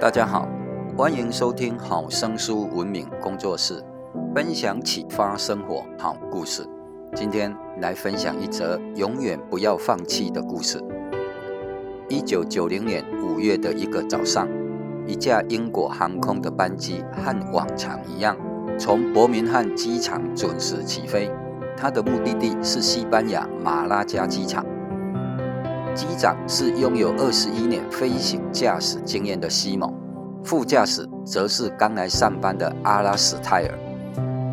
大家好，歡迎收聽好聲書文明工作室，分享啟發生活好故事。今天來分享一則永遠不要放棄的故事。一九九零年五月的一個早上，一架英國航空的班機和往常一樣，從伯明翰機場準時起飛，它的目的地是西班牙馬拉加機場。機長是擁有二十一年飛行駕駛經驗的西蒙，副駕駛則是剛來上班的阿拉斯泰爾。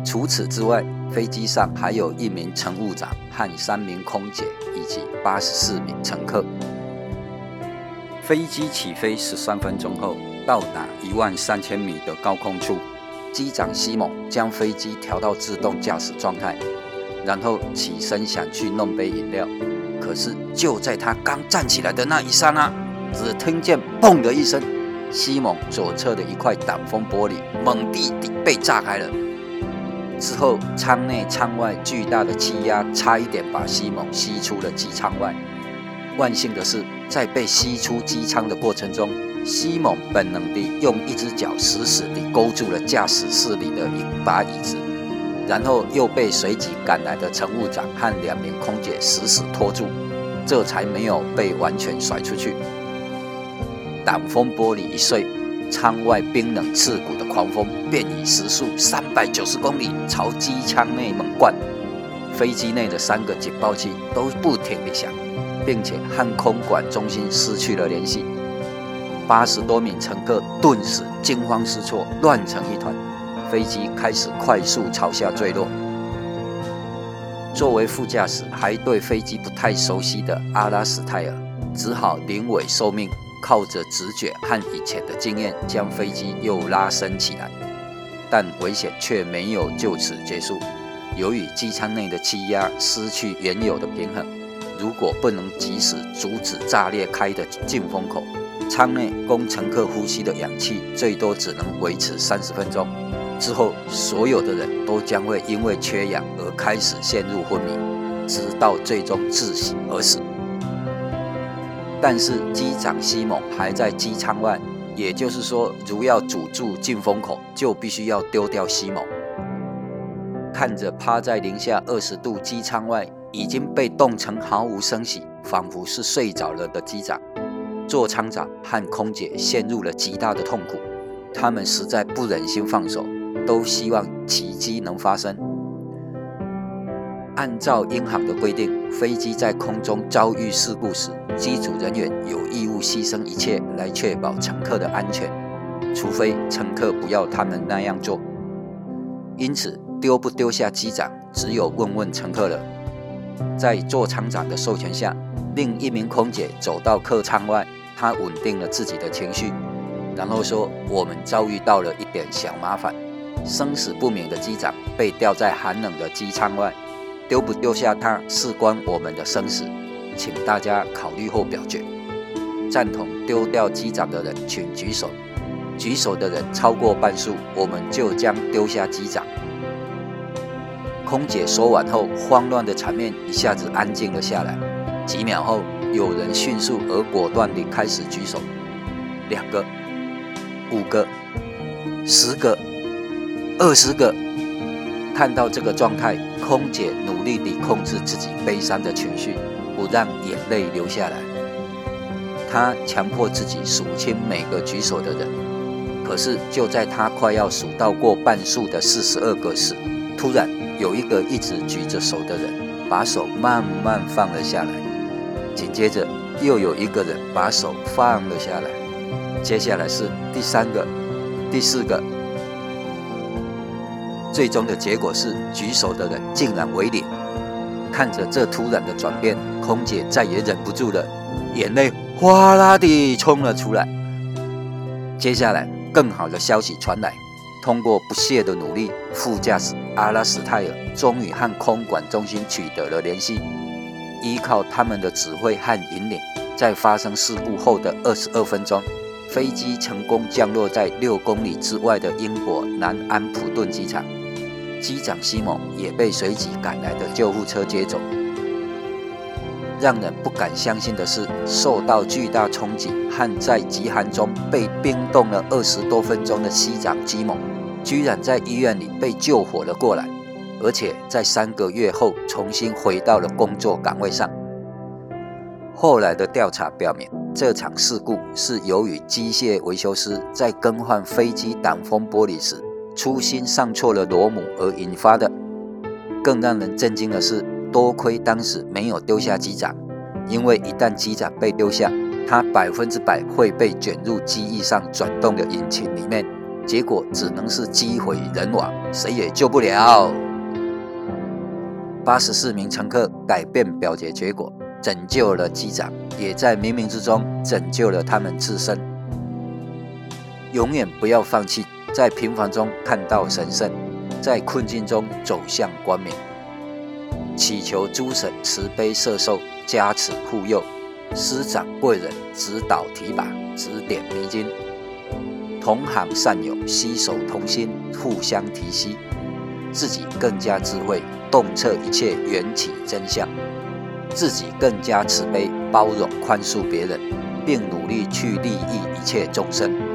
除此之外，飛機上還有一名乘務長和三名空姐，以及八十四名乘客。飛機起飛十三分鐘後，到達一萬三千米的高空處，機長西蒙將飛機調到自動駕駛狀態，然後起身想去弄杯飲料。可是就在他剛站起來的那一剎那、啊，只聽見“砰”的一聲，西蒙左側的一塊擋風玻璃猛地被炸開了。之後，艙內艙外巨大的氣壓差一點把西蒙吸出了機艙外。萬幸的是，在被吸出機艙的過程中，西蒙本能地用一只腳死死地勾住了駕駛室裡的一把椅子。然後又被隨即趕來的乘務長和兩名空姐死死拖住，這才沒有被完全甩出去。擋風玻璃一碎，艙外冰冷刺骨的狂風便以時速三百九十公里朝機艙內猛灌。飛機內的三個警報器都不停地響，並且和空管中心失去了聯繫。八十多名乘客頓時驚慌失措，亂成一團。飛機開始快速朝下墜落。作為副駕駛，還對飛機不太熟悉的阿拉斯泰爾只好臨危受命，靠着直覺和以前的經驗，將飛機又拉升起來。但危險卻沒有就此結束。由於機艙內的氣壓失去原有的平衡，如果不能及時阻止炸裂開的進風口，艙內供乘客呼吸的氧氣最多只能維持三十分鐘。之後，所有的人都將會因為缺氧而開始陷入昏迷，直到最終窒息而死。但是，機長西蒙還在機艙外，也就是說，如要堵住進風口，就必須要丟掉西蒙。看着趴在零下二十度機艙外，已經被凍成毫無聲息、仿佛是睡着了的機長，座艙長和空姐陷入了極大的痛苦，他們實在不忍心放手。都希望奇蹟能發生。按照英航的規定，飛機在空中遭遇事故時，機組人員有義務犧牲一切來確保乘客的安全，除非乘客不要他們那樣做。因此，丟不丟下機長，只有問問乘客了。在座艙長的授權下，另一名空姐走到客艙外，她穩定了自己的情緒，然後說：“我們遭遇到了一點小麻煩。”生死不明的機長被吊在寒冷的機艙外，丟不丟下他事關我們的生死，請大家考慮後表決。贊同丟掉機長的人請舉手，舉手的人超過半數，我們就將丟下機長。空姐說完後，慌亂的場面一下子安靜了下來。幾秒後，有人迅速而果斷地開始舉手，兩個、五個、十個。二十個，看到這個狀態，空姐努力地控制自己悲傷的情緒，不讓眼淚流下來。她強迫自己數清每個舉手的人，可是就在她快要數到過半數的四十二個時，突然有一個一直舉着手的人把手慢慢放了下來，緊接着又有一個人把手放了下來，接下來是第三個，第四個。最終的結果是，舉手的人竟然為零。看着這突然的轉變，空姐再也忍不住了，眼淚嘩啦地衝了出來。接下來，更好的消息傳來：通過不懈的努力，副駕駛阿拉斯泰爾終於和空管中心取得了聯繫。依靠他們的指揮和引領，在發生事故後的二十二分鐘，飛機成功降落在六公里之外的英國南安普頓機場。機長西蒙也被隨即趕來的救護車接走。讓人不敢相信的是，受到巨大衝擊和在極寒中被冰凍了二十多分鐘的機長西蒙，居然在醫院裡被救活了過來，而且在三個月後重新回到了工作崗位上。後來的調查表明，這場事故是由於機械維修師在更換飛機擋風玻璃時，粗心上錯了螺母而引發的。更讓人震驚的是，多虧當時沒有丟下機長，因為一旦機長被丟下，他百分之百會被捲入機翼上轉動的引擎裡面，結果只能是機毀人亡，誰也救不了。八十四名乘客改變表決結，結果，拯救了機長，也在冥冥之中拯救了他們自身。永遠不要放棄。在平凡中看到神聖，在困境中走向光明，祈求諸神慈悲攝受、加持護佑，師長貴人指導提拔、指點迷津，同行善友攜手同心、互相提攜，自己更加智慧，洞徹一切緣起真相，自己更加慈悲、包容、寬恕別人，並努力去利益一切眾生。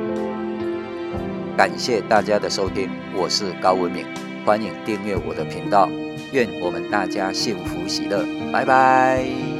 感謝大家的收聽，我是高文明。歡迎訂閱我的頻道，願我們大家幸福喜樂，拜拜。